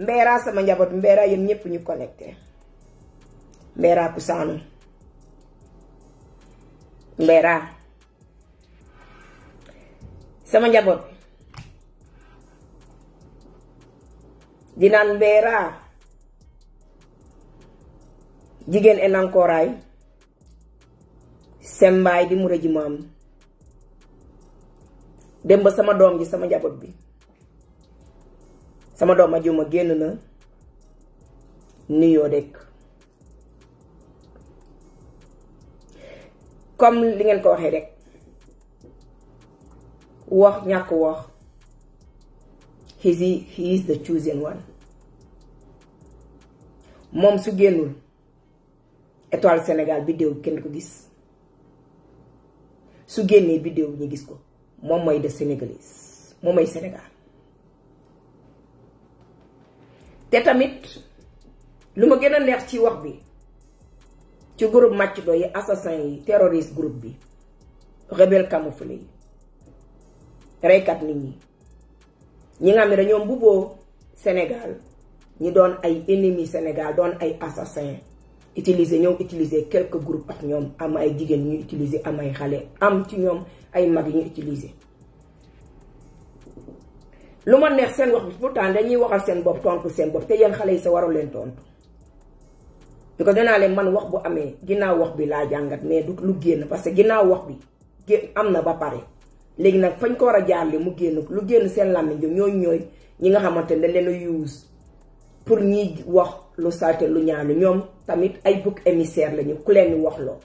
mbera sama njabot mbera yéen punya ñu connecté ku kusaanu mbera sama njaboot di naan jigen jigéen Korai, sembay di mureji mam sama dom ji sama njabot bi sama doom ma ajuma génn na nuyoo dekk comme li ngeen ko waxee rek wax ñàkk wax he is the chosen one moom su génnul étoile Sénégal biddéew kenn ko gis su génnee biddéew ñu gis ko moom mooy def sénégalais moom mooy Sénégal te tamit lu ma gën a neex ci wax bi ci groupe màccdo yi assassin yi terroriste groupe bi rebelle camouflé yi reykat nit ñi ñi nga xam ne dañoo mbubboo Sénégal ñi doon ay ennemi Sénégal doon ay assassin utiliser ñoom utiliser quelque groupes ak ñoom am ay jigéen ñu utiliser am ay xale am ci ñoom ay mag ñu utiliser lu ma neex seen wax bi pourtant dañuy waxal seen bopp tontu seen bopp te yéen xale yi sa waru leen tontu bi ko danaa leen man wax bu amee ginnaaw wax bi laa jàngat mais du lu génn parce que ginnaaw wax bi gé am na ba pare léegi nag fañ ko war a jaarle mu génn lu génn seen làmmiñ jom ñooy ñooy ñi nga xamante ne dañ leen use pour ñiy wax lu salte lu ñaalu ñoom tamit ay bouc émissaire lañu ku leen wax loo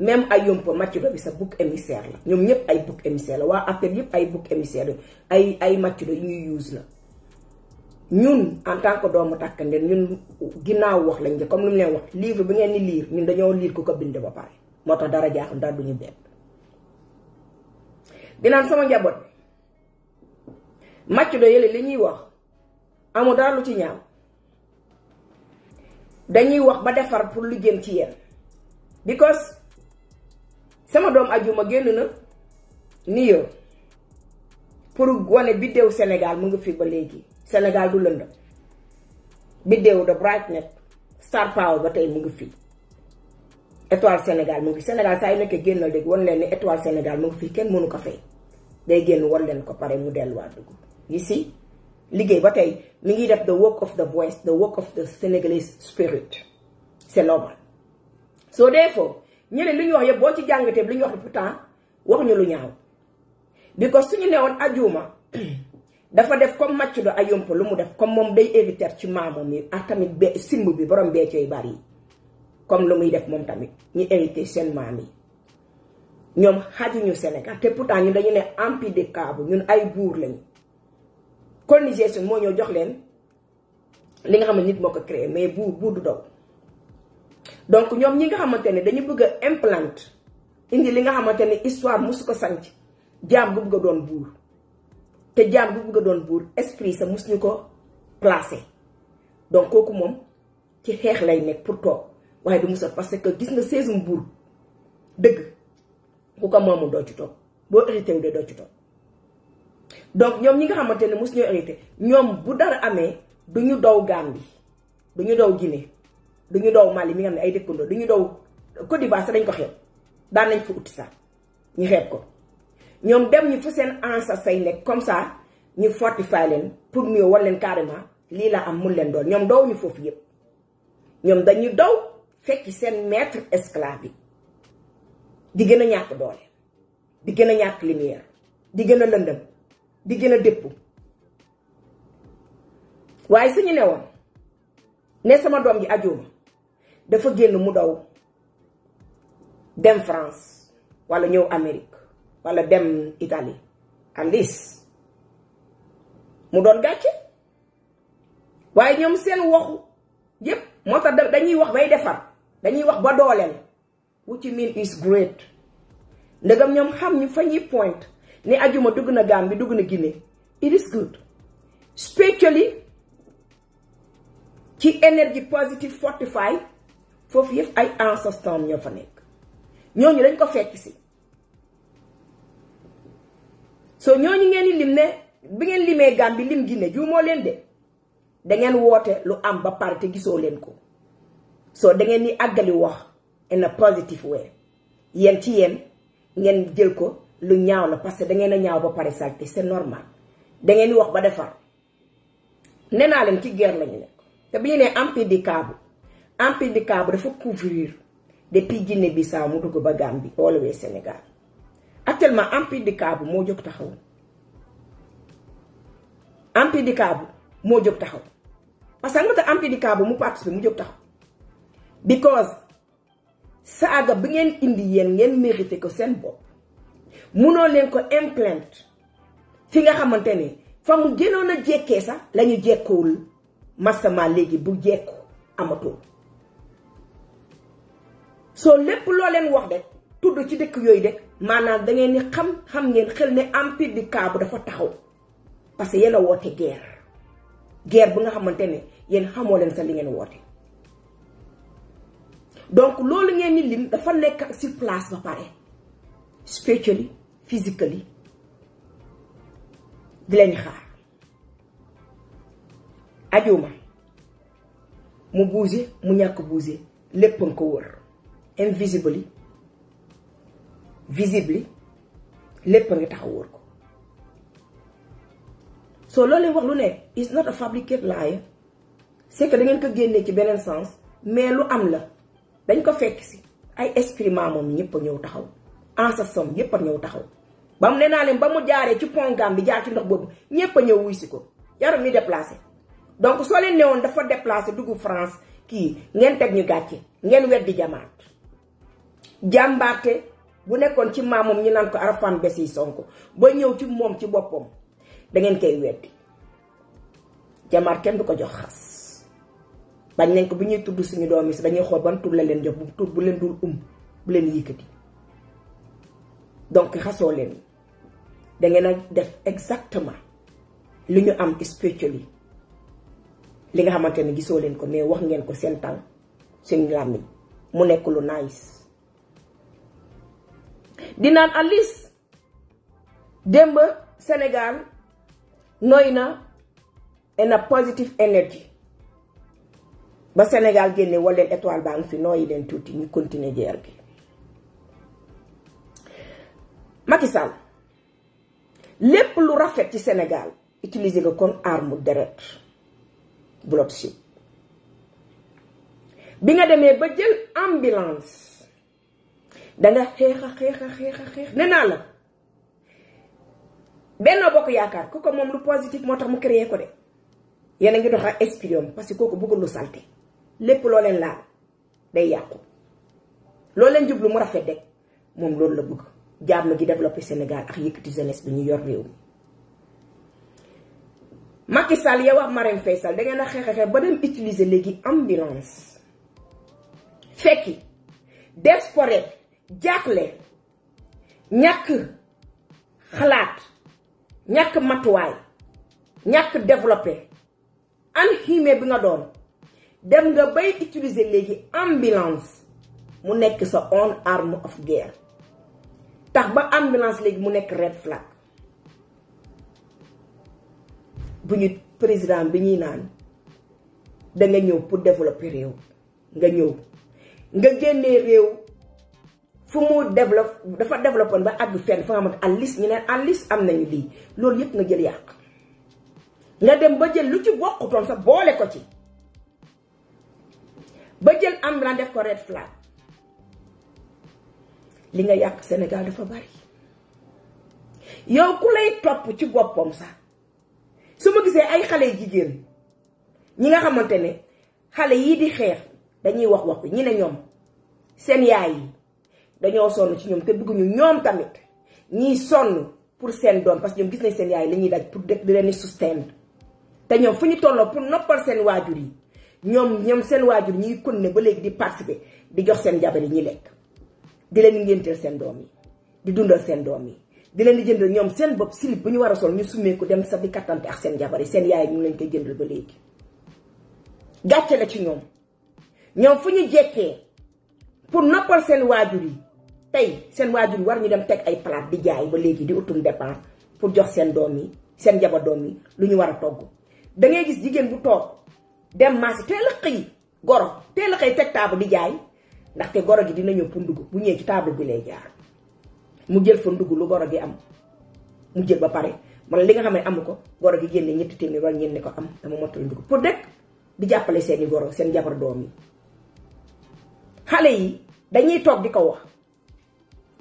même ay yomp Mathieu Dobi sa bouc émissaire la ñom ñep ay bouc émissaire la wa appel yep ay bouc émissaire ay ay Mathieu Do ñuy use la ñun en tant que doomu takande ñun ginaaw wax lañu comme lu mu leen wax livre bi ngeen ni lire ñun dañoo lire ko ko bindé ba paré moo dara jaax dara duñu bett dinaan sama jabot Mathieu Do yele li ñuy wax amu dara lu ci ñaan dañuy wax ba défar pour lu jëm ci yeen because sama doom ajuma génn na ni yow pour wane biddéew Sénégal mu ngi fi ba léegi Sénégal du lëndëm biddew de bright net star power ba tey mu ngi fi étoile Sénégal mu ngi Sénégal saa yu nekkee génnal dégg wan leen étoile Sénégal mu ngi fi kenn mënu ko fay day génn wan leen ko pare mu delluwaat dugg yi si liggéey ba tey mi ngi def the work of the voice the work of the Senegalese spirit c'est normal so therefore ñeneen li ñu wax yëpp boo ci jàngatee li ñu wax pourtant waxuñu lu ñaaw because suñu newoon ajuma dafa def comme màcc do ayomp lu mu def comme moom day éviter ci maamoom yi ak tamit simb bi borom beeco yu bari yi comme lu muy def moom tamit ñu éviter seen maam yi ñoom xajuñu Sénégal te pourtant ñun dañu ne empire de kaabu ñun ay buur lañu colonisation moo ñëw jox leen li nga xam ne nit moo ko créé mais buur buur du daw donc ñoom ñi nga xamante ne dañu bëgg a implante indi li nga xamante ne histoire musu ko sanc jaam bu bëgg doon buur te diam bu bëgg doon bour esprit sa mus ko placer donc koku mom ci xex lay nek pour tok waye du musal parce que gis nga saison bour deug ku ko moomul doo ci tok bo hérité wu do ci tok donc ñom ñi nga xamante ne mus hérité ñom bu dara amé duñu ñu daw Gambie du ñu daw Guinée du dañu doow Mali mi nga xam ne ay dëkkandoo dañu doow Côte d'Ivoire sax dañ ko xeeb daan nañ fa uti sax ñu xeeb ko ñoom dem ñu fa seen ancêtre say nekk comme sax ñu fortify leen pour ñu war leen carrément lii la am mun leen doon ñoom doow ñu foofu yëpp ñoom dañu daw fekki seen maître esclave bi di gën a ñàkk doole di gën a ñàkk lumière di gën a lëndëm di gën a dëpp waaye suñu ne woon ne sama doom ji ajooma dafa génn mu daw dem France walla ñëw Amérique walla dem Italie at least mu doon gàcce waaye ñoom seen waxu yépp moo tax dañuy wax bay defar dañuy wax ba dooleel which mean is great ndegam ñoom xam ñu fa ñuy point ni ajuma dugg na Gambie dugg na Guinée it is good spiritually ci énergie positive fortify foofu yëpp ay ancestors ñoo fa nekk ñooñu dañ ko fekk si soo ñooñu ngeen di lim ne bi ngeen limee bi lim Guinée juumoo leen de da ngeen woote lu am ba pare te gisoo leen ko soo dangeen ngeen ni àggali wax in a positive way yéen ci yéen ngeen jël ko lu ñaaw la parce que da ngeen ñaaw ba pare sax te c'est normal da ngeen wax ba defar nee naa leen ci guerre lañu nekk te bi ñu nee MPDK bi MPDCAR bu dafa couvrir depuis Guinée Bissau mu dugg ba Gambie all the way Sénégal actuellement MPDCAR moo jóg taxaw MPDCAR bu moo jóg taxaw parce que nga tax bu mu participer mu jóg taxaw because saaga bi ngeen indi yéen ngeen mérité ko seen bopp munoo leen ko implant fi nga xamante ne fa mu gënoon a jekkee sax lañu ñu jekkowul massama léegi bu jekku amatul soo lépp loo leen wax de tudd ci dëkk yooyu de maanaam da ngeen xam xam ngeen xel ne empire du Kaabu dafa taxaw parce que yéen a woote guerre guerre bu nga xamante ne yéen xamoo leen sa li ngeen woote. donc loolu ngeen ni lim dafa nekk sur place ba pare spiritually physically di leen xaar ajuma mu bougé mu ñàkk bougé lépp nga ko wër. invisible visible yi lépp a ngi taxaw wóor ko soo loolu wax lu ne it's not a fabricated lie c'est que da ngeen ko génnee ci beneen sens mais lu am la dañ ko fekk si ay esprit moom ñëpp a ñëw taxaw en sa somme ñëpp a ñëw taxaw ba mu nee naa leen ba mu jaaree ci pongam bi jaar ci ndox boobu ñëpp a ñëw wuy si ko yaram ñu déplacé donc soo leen woon dafa déplacé dugg France kii ngeen teg ñu gàcce ngeen weddi jamaat jambaté bu nekkon ci maamam ñu nan ko arafaan besi sonko ba ñew ci mom ci bopom da ngeen kay wéddi jamar kenn du ko jox xass bañ nañ ko bu ñuy tuddu suñu doomi dañuy xol ban tur la leen jox bu tur bu leen dul um bu leen yëkkati donc xasso leen da ngeen def exactement li ñu am spiritually li nga xamanteni ne gisoo leen ko mais wax ngeen ko seen tal seen lami mu nekk lu nice di naan at démb Sénégal noy na en a positive energy ba Sénégal génne walla leen étoile baa ngi fi nooyi leen tuuti ñu continuer guerre bi lépp lu rafet ci Sénégal utilise ko kon arme deret bloodshed bi nga demee ba jël ambulance danga xeex a xeex a xeex a la Benno Bokk Yaakaar ku ko moom lu positif moo tax mu créé ko de yéen a ngi dox ak espion parce que kooku bëggul lu salte lépp loo leen laal day yàqu loo leen jublu mu rafet rek moom loolu la bëgg jàmm gi développé Sénégal ak yëkkati jeunesse bi ñu yor réew mi Macky Sall yow ak Marème Faye Sall da ngeen a xeexexe ba dem utiliser léegi ambulance fekki desporé jaaxle ñàkk xalaat ñàkk matuwaay ñàkk développé enrhumé bi nga doon dem nga bay utiliser léegi ambulance mu nekk sa own arme of guerre tax ba ambulance léegi mu nekk red flag bu ñu président bi ñuy naan da ñëw pour développer réew nga ñëw nga génnee réew. fumu develop, dafa développé ba ag fenn fa nga xamante alis liste ñu neen en am nañu li lool yépp nga jël yaq nga dem ba jël lu ci ton sa boole ko ci ba jël am la def ko red flag li nga yaq Sénégal dafa bari yow ku lay top ci bopom sa suma gisé ay xalé jigen ñi nga xamantene xalé yi di xex dañuy wax wax ñi ne ñom sen yaay yi dañoo sonn ci ñoom te bëgguñu ñoom tamit ñiy sonn pour seen doom parce que ñoom gis nañ seen yaay li ñuy daj pour def di leen di sustain te ñoom fu ñu tolloo pour noppal seen waajur yi ñoom ñoom seen waajur ñi ngi continuer ba léegi di participer di jox seen jabar yi ñi lekk di leen ngénteel seen doom yi di dundal seen doom yi di leen di jëndal ñoom seen bopp silib bu ñu war a sol ñu summeeku dem sax di kattante ak seen jabar yi seen yaay ñu lañ koy jëndal ba léegi la ci ñoom ñoom fu ñu jekkee pour noppal seen waajur yi Tay, sen wajur war ñu dem tek ay plat di jaay ba legi di utum dépense pour jox sen domi, sen jaba domi yi lu ñu war togg da ngay gis jigen bu tok dem marché té la xey goro té la xey tek table di jaay té goro gi dinañu pundug bu ñëwee ci table bi lay jaar mu jël fa ndug lu goro gi am mu jël ba pare man li nga xam ne ko goro gi génne ñett téeméer ñen ko am dama motul ndug pour dekk di jappalé seeni goro seen jabar domi xalé yi dañuy tok di ko wax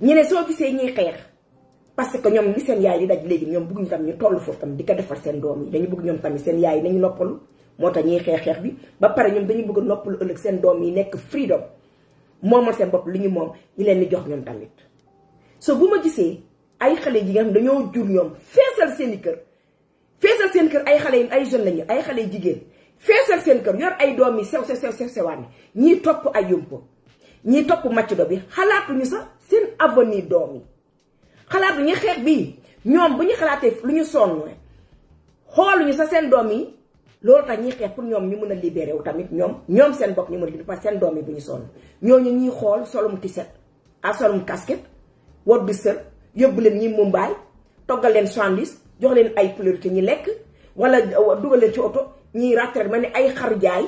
ñu ne soo gisee ñuy xeex parce que ñoom li seen yaay di daj léegi ñoom bëgguñu tam ñu toll foofu tam di ko defal seen doom yi dañu bëgg ñoom tamit seen yaay nañu moo tax ñuy xeex xeex bi ba pare ñoom dañu bëgg noppalu ëllëg seen doom yi nekk freedom moomal seen bopp lu ñu moom ñu leen di jox ñoom tamit so bu ma gisee ay xale yi nga dañoo jur ñoom feesal seen i kër feesal seen kër ay xale yi ay jeunes lañu ay xale jigéen feesal seen kër yor ay doom yi sew sew sew sew sewaan ñii topp ay yumpo ñi topp macc do bi xalaatuñu sax seen nii doom yi xalaat bi ñu xeex bii ñoom bu ñu xalaatee lu ñu sonn xooluñu sa seen doom yi loolu tax ñuy xeex pour ñoom ñu mën a libéré wu tamit ñoom ñoom seen bopp ñu mën a libéré parce doom yi bu ñu sonn ñooñu ñuy xool solum tiset ak solum casquette war bi sër yóbbu leen ñi mumbaay toggal leen sandwich jox leen ay priorité ñi lekk wala dugal leen ci oto ñiy rattraite ma ni ay xaru jaay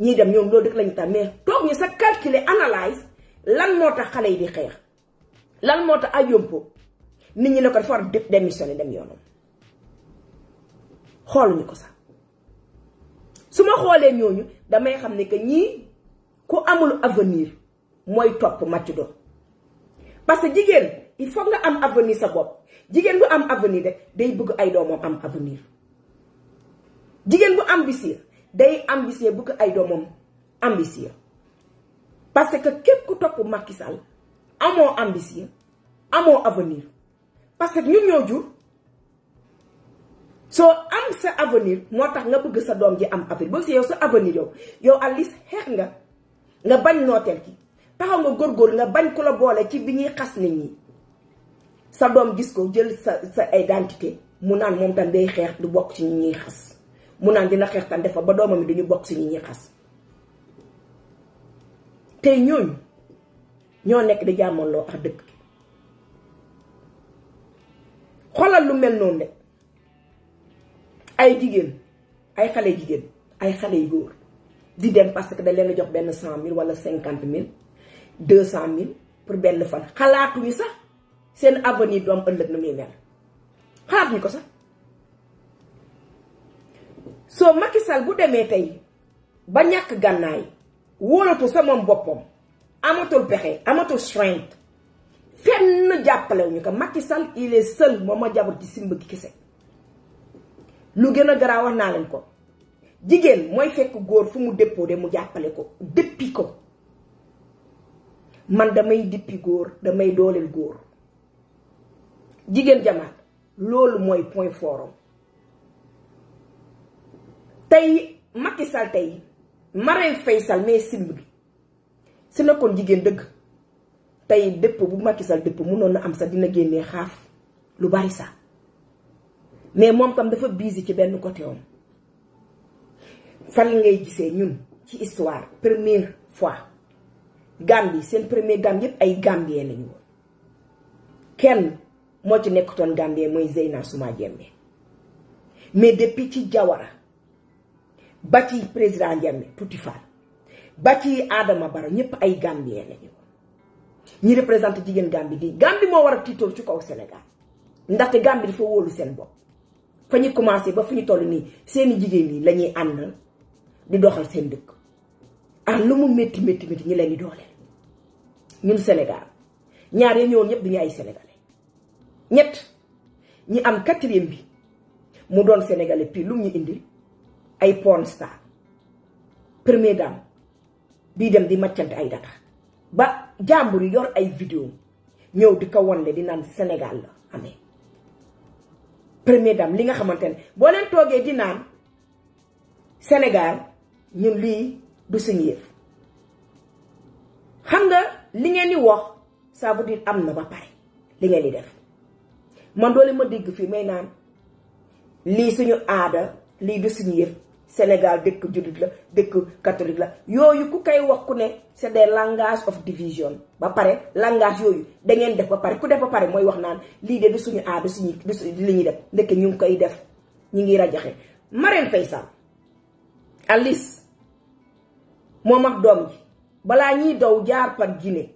ñiy dem ñoom loolu dëkk lañu tam toog ñu sa calculer analyse lan moo tax xale yi di xeex lan moo tax ayompo nit ñi ne ko dafa war a démissionné dem yoonam xooluñu ko sax su ma xoolee ñooñu damay xam ne que ñii ku amul avenir mooy topp màcc do parce que jigéen il faut nga am avenir sa bopp jigéen bu am avenir rek day bugg ay doomam am avenir jigéen bu ambitieux day ambitieux bugg ay doomam ambitieux parce que képp ku topp Macky Sall amoo ambition amoo avenir parce que ñun ñoo jur soo am sa avenir moo tax nga bëgg sa doom ji am avenir boo si yow sa avenir yow yow at xeex nga nga bañ nooteel ki taxaw nga góor nga bañ ku la boole ci bi ñuy xas nit ñi sa doom gis ko jël sa sa identité mu naan moom tam day xeex du bokk ci ñi ñuy xas mu naan dina xeex tam defa ba doomam yi duñu bokk ci ñu ñuy xas tey ñooñu ñoo nekk di jàmmaloo ak dëkk bi xoolal lu mel noonu de ay jigéen ay xale jigéen ay xale yu góor di dem parce que dañ leen jox benn cent mille wala cinquante mille deux cent mille pour benn fan xalaatuñu sax seen avenir doom ëllëg na muy mel xalaatuñu ko sax soo Macky Sall bu demee tey ba ñàkk gànnaay. wóolatul sama moom boppam amatul pexe amatul strength fenn jàppalewuñu ko Macky Sall il est seul moom ma jabar ci simba gi kese lu gën a garaaw naa leen ko jigéen mooy fekk góor fu mu déposé mu jàppale ko dëppi ko man damay dippi góor damay dooleel góor jigéen jamaat loolu mooy point fort tey Macky Sall tey Marème Faye Sall mais silm bi si nekkoon jigéen dëgg tey dëpp bu Macky Sall dëpp mënoon na am sax dina génnee xaaf lu bari sax mais moom tam dafa biisi ci benn côté woon fan ngay gisee ñun ci histoire première fois Gambie seen premier Gambie yëpp ay Gambien lañu woon kenn moo ci nekkutoon Gambien mooy Zeyna Suma Jembe mais depuis ci Jawara ba ci président Jammeh tuuti faal ba ci aadama Barrow ñëpp ay Gambien lañu ñi représenté jigéen Gambie gi Gambie moo war a tiitool ci kaw Sénégal ndaxte Gambie dafa wóolu seen bopp fa ñu commencé ba fu ñu toll nii seeni jigéen yi lañuy ànd àndal di doxal seen dëkk ak lu mu métti métti métti ñi leen di dooleel ñun Sénégal ñaar ya ñëwoon ñëpp duñu ay sénégalais ñett ñi am quatrième bi mu doon sénégalais puis lu mu ñu indil ay porn star premier dame di dem di maccante ay data ba jàmbur yor ay video ñew di ko wonne di nan senegal la amé premier dame li nga xamantene bo len togué di nan senegal ñun li du suñu xam nga li ngeen ni wax ça veut dire amna ba pare li ngeen def man ma dégg fi may nan li suñu aada li du suñu yef Sénégal dekk julit la dekk catholique la yoyu ku kay wax ku ne c'est des langages of division ba paré langage yoyu da ngeen def ba paré ku def ba paré moy wax naan li de du suñu du suñu du li def nek ñu koy def ñi ngi rajaxé Marème Faisal Alice moom ak doom ji bala ñi daw jaar par Guinée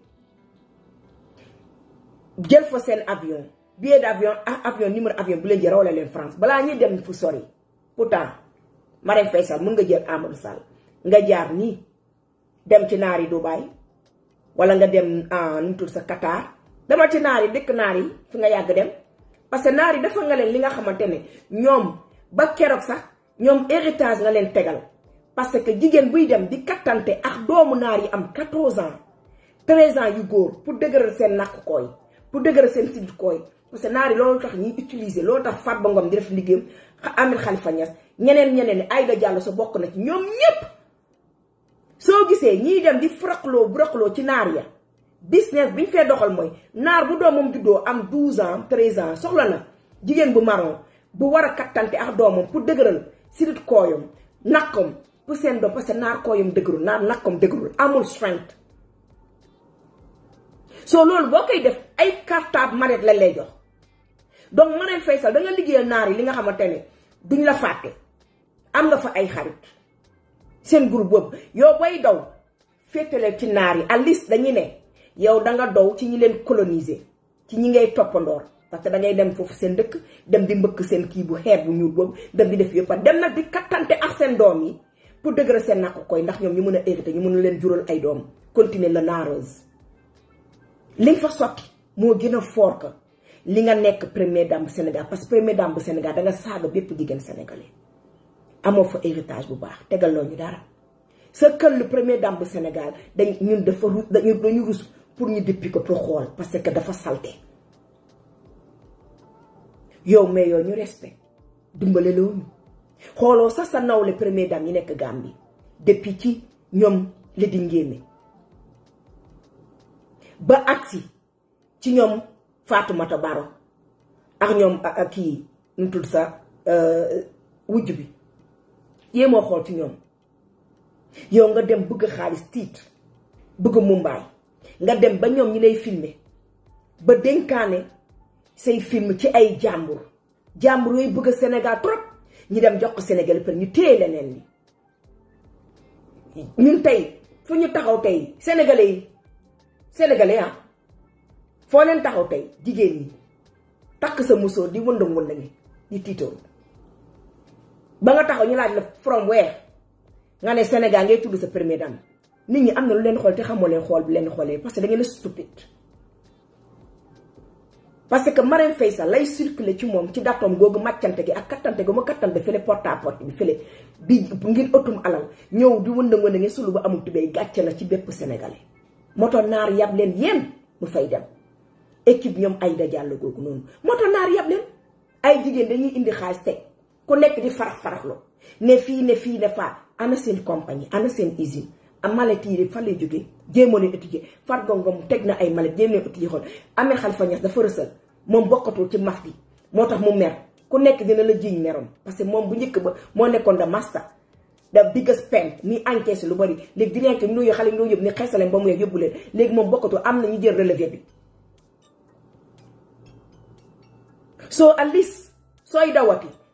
jël fa sen avion billet d'avion ah, avion numéro avion bu leen jé rawale France bala ñi dem fu sori pourtant Marème Faye Sall mën nga jël Amadou Sall nga jaar nii dem ci naar du Dubaay wala nga dem ah, nu sa Qatar dama ci naari dëkk naar yi fi nga yàgg dem parce que naar yi dafa nga leen li nga xamante ne ñoom ba keroog sax ñoom héritage nga leen tegal parce que jigéen buy dem di kattante ak doomu naar yi am 14 ans 13 ans yu góor pour dëgëral seen nàkk kooy pour dëgëral seen sidd kooy parce naar yi loolu tax ñuy utiliser loolu tax Farba ba di def liggéeyam Amir Khalifa ñeneen ñeneen ñi Aïda Diallo sa bokk na ci ñoom ñépp soo gisee ñiy dem di bu broqloo ci naar ya business bi ñu fee doxal mooy naar bu doomam juddoo am 12 ans 13 ans soxla na jigéen bu marron bu war a kattante ak doomam pour dëgëral sidit kooyam nakkom pour seen doom parce que naar kooyam dëgërul naar nakkom dëgërul amul strength soo loolu boo koy def ay cartable maret lañ lay jox donc Marième Faye Sall da nga liggéeyal naar yi li nga xamante ne duñ la fàtte am na fa ay xarit seen groupe boobu yow bay daw féetale ci naar yi à liste dañuy ne yow danga nga dow ci ñi leen coloniser ci ñi ngay toppandoor parce que da ngay dem foofu seen dëkk dem di mbëkk seen kii bu xeer bu ñuul boobu dem di def yëpp dem nag di kattante ak seen doom yi pour dëgëral seen naq koy ndax ñoom ñu mën a hérité ñu mën a leen jural ay doom continuer la naareuse li nga fa sotti moo gën a fort que li nga nekk première dame senegal Sénégal parce que première dame bu Sénégal da nga saaga bépp jigéen amoo fa héritage bu baax ñu dara dame bu Sénégal dañ ñun dafa dañu rus pour ñu dippi ko pour parce que dafa salté yow mais ñu respect xooloo sa sa le premier dame yi nekk Gambie depuis ci ñoom le di ngéeme ba ci ñoom Fatoumata Baro ak ñoom ak nous ñu tudd sa euh, wujj mo xol ci ñom yow nga dem bëgg xaaliss tiit bëgg mumbai nga dem ba ñom ñi lay filmé ba denkané say film ci ay jambour jambour yu bëgg Sénégal trop ñi dem jox Sénégal pour ñu téye lénen ni ñun tay fu ñu taxaw tay sénégalais sénégalais ha ah, fo leen taxaw tay jigéen ñi tak sa musso di wëndum wëndangi di tiitoon ba nga taxaw ñu laaj la from where nga ne Sénégal ngay tudd sa première dame nit ñi am na lu leen xool te xamoo leen xool bi leen xoolee parce que da ngeen a stupide parce que Marème Faye Sall lay circulé ci moom ci datoom googu màccante gi ak kattante gi ma kattante fële porte à porte bi fële bi ngir ëttum alal ñëw di wënda wënda ngeen sulu ba amul tubéy gàcce la ci bépp sénégalais moo tax naar yab leen yéen mu fay dem équipe ñoom Aïda Diallo googu noonu moo tax naar yab ay jigéen dañuy indi xaalis ku nekk di farax faraxlu ne fii ne fii ne faa ana seen compagnie ana seen usine am malet yi fan lay jógee jéemoo leen étudier Farba Ngom teg na ay malet jéem leen étudier xool amee Khalifa Niass dafa rësal moom bokkatul ci maf bi moo tax mu mer ku nekk dina la jiiñ merom parce que moom bu njëkk ba moo nekkoon da master da biggest pen ni encaissé lu bari léegi di rien que ñu xale ñu yóbbu ni xeesaleen ba mu yeeg yóbbu leen léegi moom bokkatul am na ñu jël relevé bi soo at least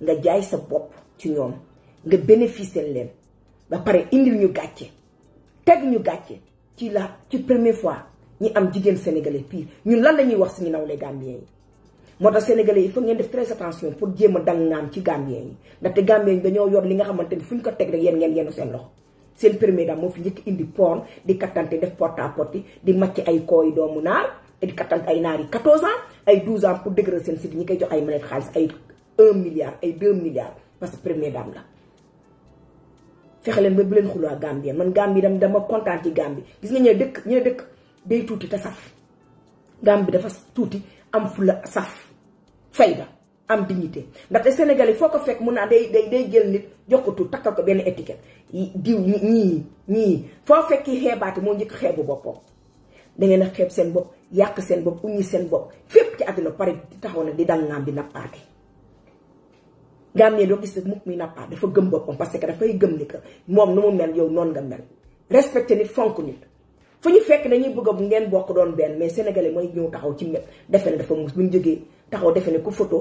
nga jaay sa bopp ci ñoom nga bénéficier leen ba pare indil ñu gàcce teg ñu gàcce ci la ci première fois ñi am jigéen sénégalais pire ñun lan la ñuy wax suñu nawle gambien yi moo tax sénégalais yi il faut ngeen def très attention pour jéem a dang naam ci gambien yi ndaxte gambien yi dañoo yor li nga xamante ni fu ñu ko teg rek yéen ngeen yenu seen loxo seen premier dame moo fi njëkk indi porn di kattante def porte à porte di màcc ay kooy doomu naar di kattante ay naar yi 14 ans ay 12 ans pour dégré seen site ñi koy jox ay malet xaalis ay 1 milliard ay 2 milliards parce que première dame la fexe leen ba bu len xuloo Gambie man Gambie dam dama kontaan ci Gambie gis nga ñe dekk ñe dekk day touti ta saf Gambie dafa touti am fula saf fayda am dignité ndax les sénégalais foko fek fekk mun day day day jël nit jokatu ko tur ko benn étiquette diw ñii ñii fo fekki xébaati mo njëkk xébu boppam da ngeen a xeeb seen bopp yàq seen uñi sen bop fep ci pare di taxaw di dangaam di Gambien doo gis ne mukk muy nappaat dafa gëm boppam parce que dafay gëm ni que moom nu mel yow non nga mel respecté ni fonku nit fu fekk dañuy bëgg bu ngeen bokk doon ben mais sénégalais moy ñëw taxaw ci met defe ne dafa mus bu ñu taxaw defal ne ku photo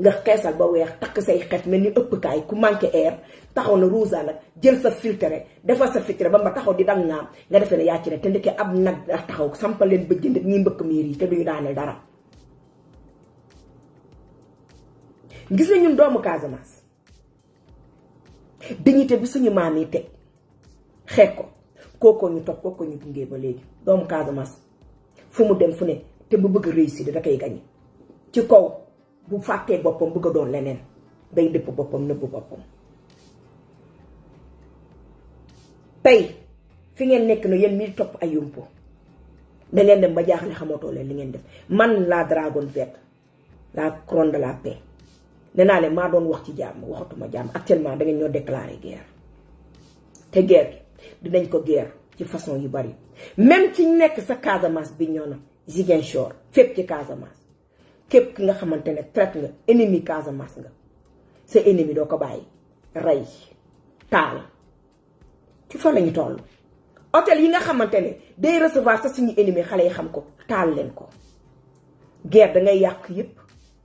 nga xéssal ba wéx tak say xef melni ëpp kaay ku manqué air taxaw na rousa nag jël sa filtre defal sa filtre ba ma taxaw di dang naam nga defe ne yaa ci ne te ndeke ab nak taxaw sampal leen bëjënd ñi mbëk miir yi te duñu daaneel dara gis na ñun doomu Casamance dignité bi suñu maam yi teg xeet ko kookoo ñu topp kookoo ñu gunge ba léegi doomu Casamance fu mu dem fu ne te bu bëgg réussir da koy gañe ci kaw bu fàttee boppam bëgg a doon leneen day dëpp boppam nëbb boppam tey fi ngeen nekk na yéen mi topp ay yumpo da dem ba jaaxle xamatoo leen li ngeen def man la dragon verte la couronne la paix nee naa leen maa doon wax ci jàmm waxatuma jàmm actuellement da ngeen ñoo déclarer guerre te guerre gi dinañ ko guerre ci façon yu bari même ci nekk sa Casamance bi ñoo na Ziguinchor fépp ci Casamance képp ki nga xamante ne traite nga ennemi Casamance nga sa ennemi doo ko bàyyi rey taal ci fa ñu toll hôtel yi nga xamante ne day recevoir sa suñu ennemi xale yi xam ko taal leen ko guerre da dangay yàq yépp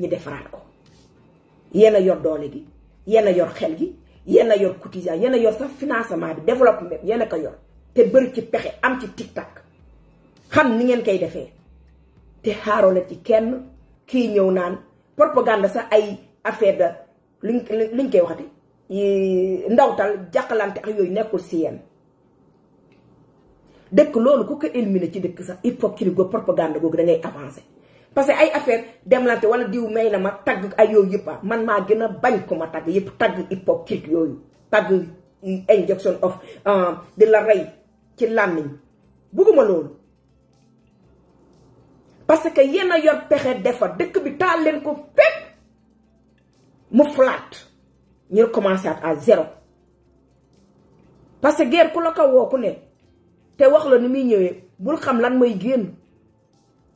ñi defaraat ko yéen a yor doole bi yenn a yor xel gi yenn a yor cotisation yéen a yor sax financement bi développement yéen ko yor te bëri ci pexe am ci tiktak xam ni ngeen koy defee te xaaroo ci kenn kii ñëw naan propagande sax ay affaire de li luñ koy waxati ndawtal jàqalante ak yooyu nekkul si yéen dëkk loolu ku ko éliminer ci dëkk sax hypocrite go propagande googu da avancé parce que ay affaire demlante wala diw may na ma tagg ay yooyu yëpp ah, man maa gën a bañ ko ma tagg yëpp tagg hypocrite yooyu tagg injection of euh, di la rey ci làmmiñ bugguma loolu parce que yéen a yor pexe defa dëkk bi taal leen ko fépp mu flat ñu commencé at à zéro parce que guerre ku la ko ku ne te wax la ni muy ñëwee bul xam lan may génn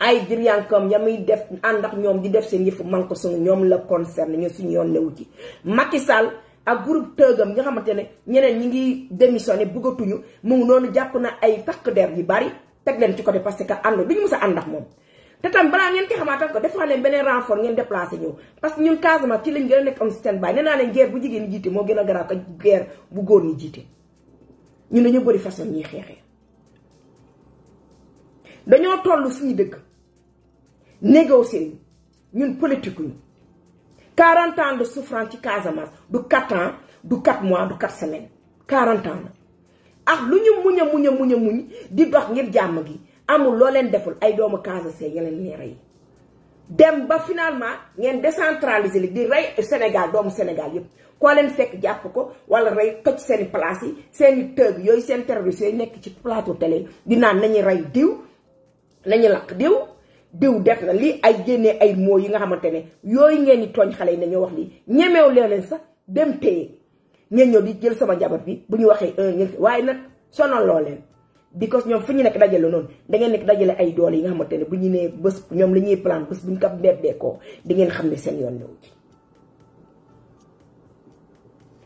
ay diryankam kam yamuy def andak ñom di def seen man ko sunu ñom la concerne ñu suñu yoon newu ci Macky Sall ak groupe teugam nga xamantene ñeneen ñi ngi démissioné bëggatuñu mu ngi nonu japp na ay tak der yi bari tek leen ci côté parce que andu duñu mësa a mom ak moom tam balaa ngeen ko xamata ko defal leen benen renfort ngeen déplacer ñu parce que ñun Casamance ci lañ gëna a nekk on stand by nee leen guerre bu jigeen jité mo gëna gën a ko guerre bu goor ñi jité ñu dañu bari façon ñi xexé dañu tollu suñu dëkk négocier ñun politique ñu 40 ans de souffrance ci Casamance du 4 ans du 4 mois du 4 semaines 40 ans ah lu ñu muñ a muñ a muñ a muñ di dox ngir jàmm gi amul loo leen deful ay doomu Casamance yeneen neera rey dem ba finalement ngeen décentraliser li di rey Sénégal doomu Sénégal yëpp koo leen fekk jàpp ko wala rey toj seen i place yi seen i tëgg yooyu seen terroriste yooyu nekk ci plateau télé di naan nañu rey diw nañu lakk diw diw def na li ay génnee ay mo yi nga xamantene yoy ngeen ni togn xalé ni nañoo wax li ñemew leen leen sax dem téye ñeñ ñoo di jël sama jabar bi bu ñu waxee un ngeen waye nak sonal lo leen because ñom fu ñu nekk dajale noonu da ngeen nek dajale ay dool yi nga xamantene ne bu ñu nee bëss ñom la ñuy plan bés bu bébé ko di ngeen xam seen yoon ñëw ci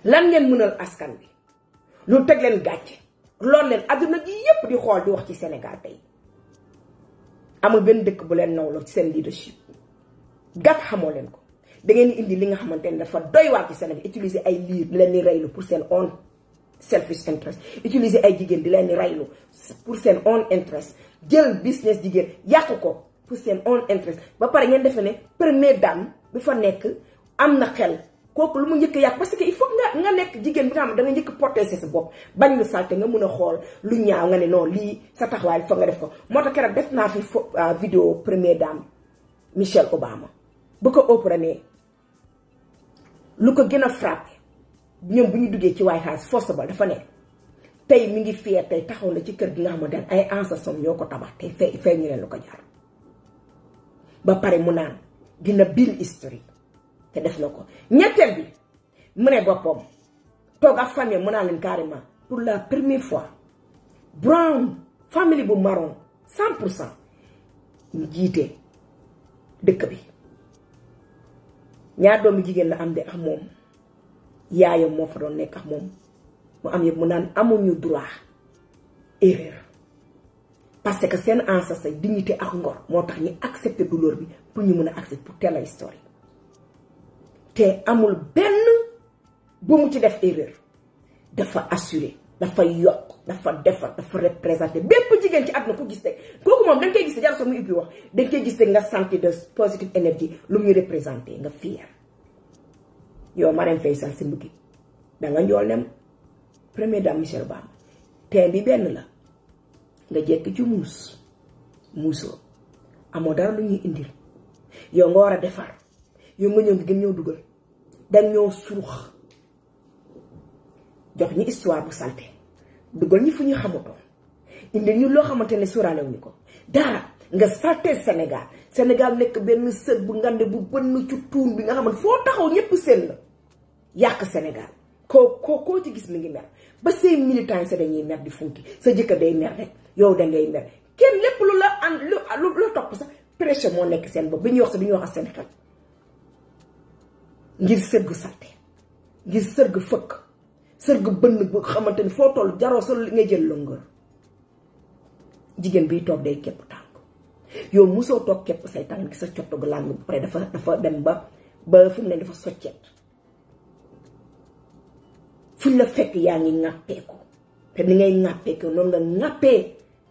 lan ngeen mënal askan bi lu tegg leen gatché loolu leen aduna gi yépp di xol di wax ci Sénégal tay amul benn dëkk bu leen nawloo ci seen leadership gàtt xamoo leen ko da ngeen indi li nga xamante ne dafa doy waar ci Sénégal utiliser ay liir di leen di reylu pour seen on selfish interest utiliser ay jigéen di leen di reylu pour seen own interest jël business jigéen yàqu ko pour seen own interest ba pare ngeen defe ne première dame bi fa nekk am na xel. kooku lu mu njëkk yàq parce que il faut nga nga nekk jigéen bi nga xam da nga njëkk protéger sa bopp bañ nga salte nga mën a lu ñaaw nga non sa fa nga def ko def fi vidéo première dame Michelle Obama bu ko Oprah ne lu ko gën a frappé ñoom bu ñu duggee ci White House dafa tey mi ngi fier tey taxaw na ci kër gi nga xamante ne ay ancêtres ñoo ko tabax tey fee fee ñu leen lu ko jaar ba mu naan dina bill history te def na ko ñetteel bi mu ne boppam toog ak famille mu naa leen carrément pour la première fois brown bu marron cent pour cent jiite dëkk bi ñaar doomu jigéen la am de ak moom yaayam moo fa doon nekk ak moom mu am yëpp mu naan amuñu droit erreur parce que seen ancêtre dignité ak ngor moo tax ñu accepter douleur bi pour ñu mun a accepter pour telle histoire te amul ben bu mu ci def erreur dafa assuré dafa yokk dafa defar dafa représenter. bépp jigéen ci àdduna ku gis Tu es moom da nga jar mu wax nga de positive énergie lu muy tu nga fier yo Marème Faye tu es da nga njool nem dame Michelle Obama bi ben la nga jekk ci muus muusoo amoo dara lu ñuy nga defar yow nga ñëw ngi gën ñoo dugal dañ suux jox ñu histoire bu salté dugal ñi fu ñu xamutoon indi ñu loo xamante ne sóoraale wuñu ko dara nga salté Sénégal Sénégal nekk benn sët bu ngande bu bënn ci tuun bi nga xamante foo taxaw ñëpp seen la yàq Sénégal koo koo koo ci gis mi ngi mer ba say militants yi sa dañuy mer di funki sa jëkkër day mer rek yow da ngay mer kenn lépp lu la ànd lu lu topp sax pression moo nekk seen bopp bi ñuy wax sax bi ñuy wax ak seen ngir sërg salte ngir sërg fëkk sërg bënn bu xamante ni foo toll jaroo sa li ngay jël longueur jigéen biy toog day képp tànk yow musoo toog képp say tànk gi sa cottogu làng bu pare dafa dem ba ba fu mu ne dafa soccet fuñ la fekk yaa ngi ŋàppee te ni ngay ŋàppee ko noonu nga ŋàppee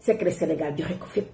secret Sénégal joxe ko fépp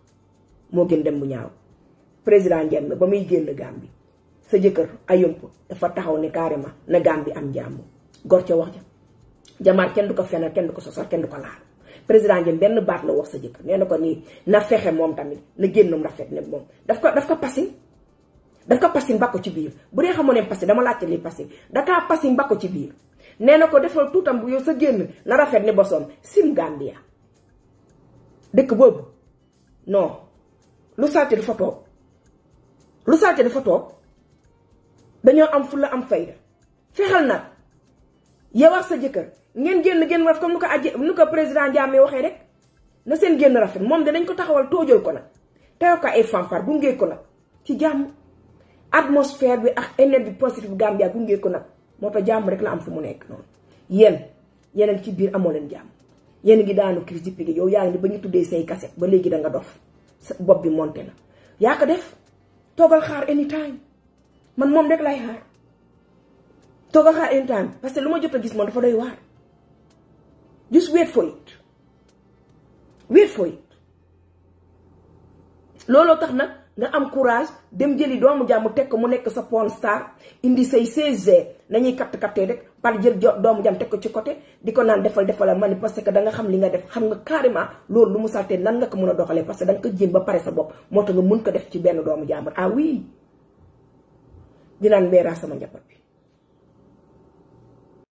moo gën dem bu ñaaw président Jammeh ba muy génn gaam bi sa jëkkër ayump dafa taxaw ni ne carrément na bi am jàmm gor ca wax ja jamaar kenn du ko fenal kenn du ko sosal kenn du ko laal président Jammeh benn baat la wax sa jëkkër nee na ko nii na fexe moom tamit na génnam rafet ne moom daf ko daf ko pasin daf ko pasin ci biir bu dee xamoo ne pasin dama laajte li pasin dakaa pasin bakko ci biir nee na ko defal tuutam bu yow sa génn na rafet ne bosoom sim Gambia dëkk boobu non lu salte du fa toog lu salte du fa toog dañoo am fu la am fayda fexeel nag yow ak sa jëkkër ngeen génn génn rafet comme nu ko aje nu ko président Jammeh waxee rek na seen génn rafet moom danañ ko taxawal toojal ko nag teew ko ay fanfar gunge ko nag ci jàmm atmosphère bi ak énergie positive Gambia gunge ko nag moo tax jàmm rek la am fu mu nekk noonu yéen yéen a ci biir amoo leen jàmm yéen ngi daanu crise di pigi yow yaa ngi ni ba ñu tuddee say kase ba léegi da nga dof bopp bi monté na yaa ko def toogal xaar anytime man moom rek lay xaar toogal xaar anytime parce que lu ma jot a gis moom dafa doy waar just wait for it wait for it looloo tax nag nga am courage dem jëli doomu jàmm teg ko mu nekk sa porn star indi say 16 nañuy katt kattee rek par jël doomu jàmm teg ko ci côté di ko naan defal defalal man ni parce que da nga xam li nga def xam nga carrément loolu lu mu saltee nan nga ko mën a doxalee parce que da ko jéem ba pare sa bopp moo tax nga mën ko def ci benn doomu jàmbur ah oui dinaan beeraa sama njaboot bi.